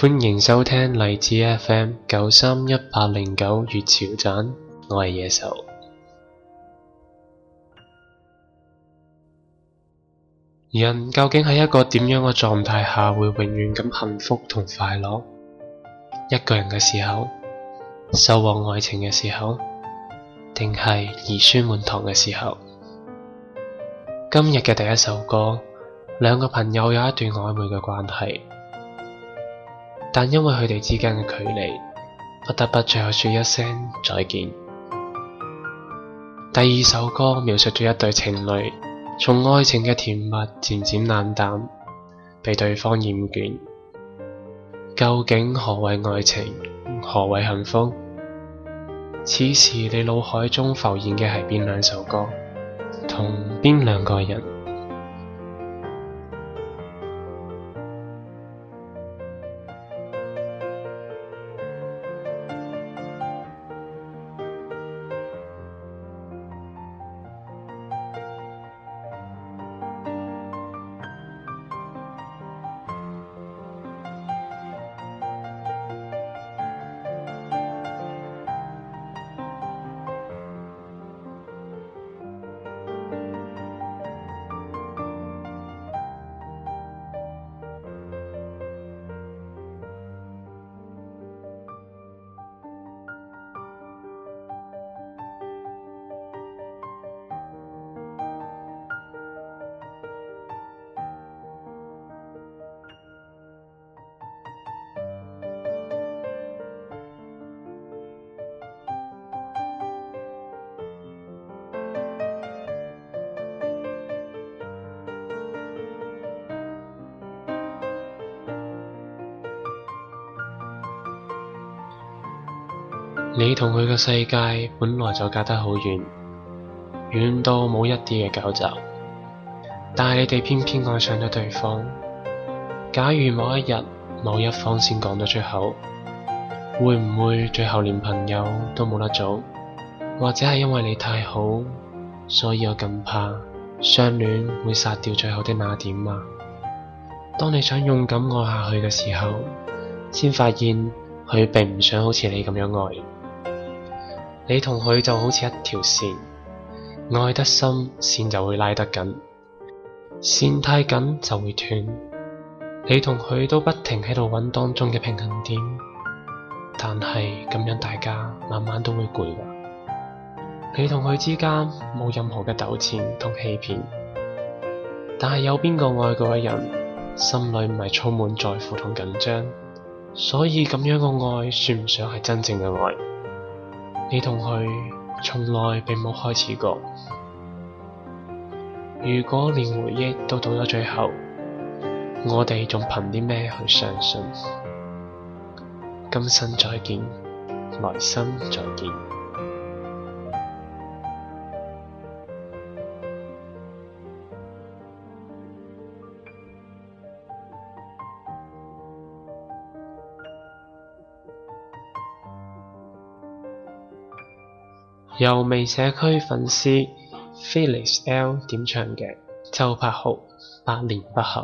歡迎收聽荔枝 FM 九三一八零九粵潮盞，我係野獸。人究竟喺一個點樣嘅狀態下會永遠咁幸福同快樂？一個人嘅時候，收穫愛情嘅時候，定係兒孫滿堂嘅時候？今日嘅第一首歌，兩個朋友有一段曖昧嘅關係。但因為佢哋之間嘅距離，不得不最後說一聲再見。第二首歌描述咗一對情侶，從愛情嘅甜蜜漸漸冷淡，被對方厭倦。究竟何為愛情，何為幸福？此時你腦海中浮現嘅係邊兩首歌，同邊兩個人？你同佢嘅世界本來就隔得好遠，遠到冇一啲嘅交集。但係你哋偏偏愛上咗對方。假如某一日某一方先講得出口，會唔會最後連朋友都冇得做？或者係因為你太好，所以我更怕相戀會殺掉最後的那點啊！當你想勇敢愛下去嘅時候，先發現佢並唔想好似你咁樣愛。你同佢就好似一條線，愛得深，線就會拉得緊；線太緊就會斷。你同佢都不停喺度揾當中嘅平衡點，但係咁樣大家慢慢都會攰。你同佢之間冇任何嘅糾纏同欺騙，但係有邊個愛過嘅人，心裏唔係充滿在乎同緊張，所以咁樣嘅愛算唔上係真正嘅愛。你同佢從來並冇開始過。如果連回憶都到咗最後，我哋仲憑啲咩去相信？今生再見，來生再見。由微社區粉絲 Phyllis L 點唱嘅周柏豪《百年不合》。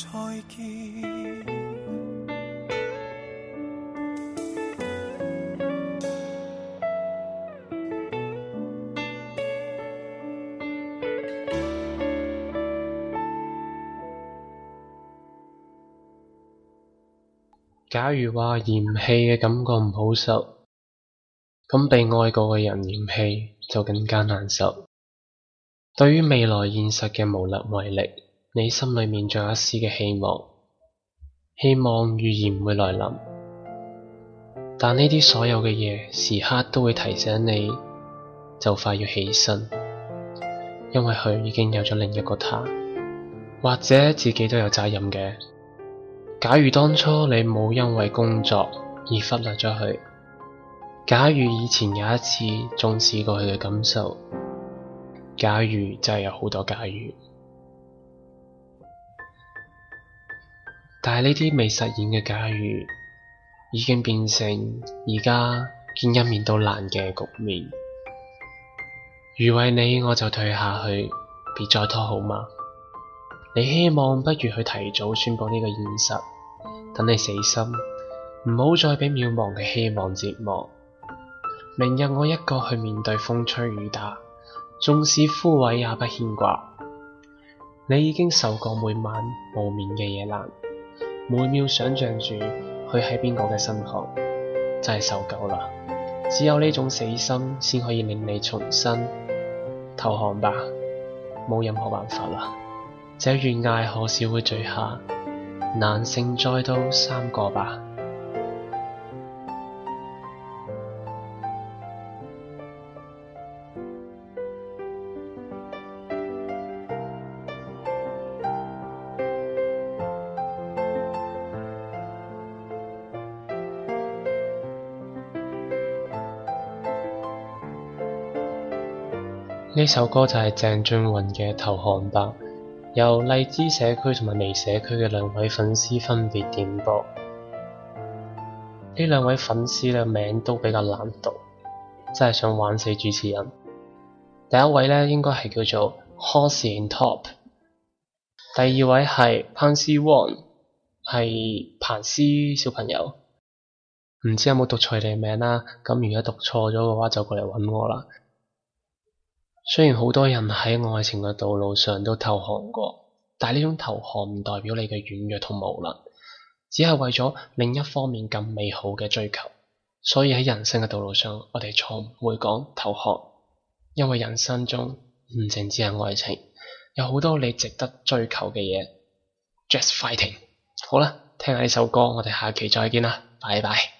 再見。假如話嫌棄嘅感覺唔好受，咁被愛過嘅人嫌棄就更加難受。對於未來現實嘅無能為力。你心裏面仲有一絲嘅希望，希望預言唔會來臨。但呢啲所有嘅嘢，時刻都會提醒你，就快要起身，因為佢已經有咗另一個他，或者自己都有責任嘅。假如當初你冇因為工作而忽略咗佢，假如以前有一次重視過佢嘅感受，假如真係有好多假如。但係呢啲未實現嘅假如，已經變成而家見一面都難嘅局面。如為你，我就退下去，別再拖好嗎？你希望不如去提早宣布呢個現實，等你死心，唔好再俾渺茫嘅希望折磨。明日我一個去面對風吹雨打，縱使枯萎也不牽掛。你已經受過每晚無眠嘅夜難。每秒想象住佢喺邊個嘅身後，真係受夠啦！只有呢種死心，先可以令你重生投降吧。冇任何辦法啦，這懸崖何時會墜下？難勝再都三個吧。呢首歌就係鄭俊雲嘅《投降吧》，由荔枝社區同埋微社區嘅兩位粉絲分別點播。呢兩位粉絲嘅名都比較難讀，真係想玩死主持人。第一位咧應該係叫做 Horse and Top，第二位係 Pansy Wong，係彭斯小朋友。唔知有冇讀錯你名啦、啊？咁如果讀錯咗嘅話，就過嚟揾我啦。雖然好多人喺愛情嘅道路上都投降過，但係呢種投降唔代表你嘅軟弱同無能，只係為咗另一方面更美好嘅追求。所以喺人生嘅道路上，我哋從唔會講投降，因為人生中唔淨止係愛情，有好多你值得追求嘅嘢。Just fighting！好啦，聽下呢首歌，我哋下期再見啦，拜拜。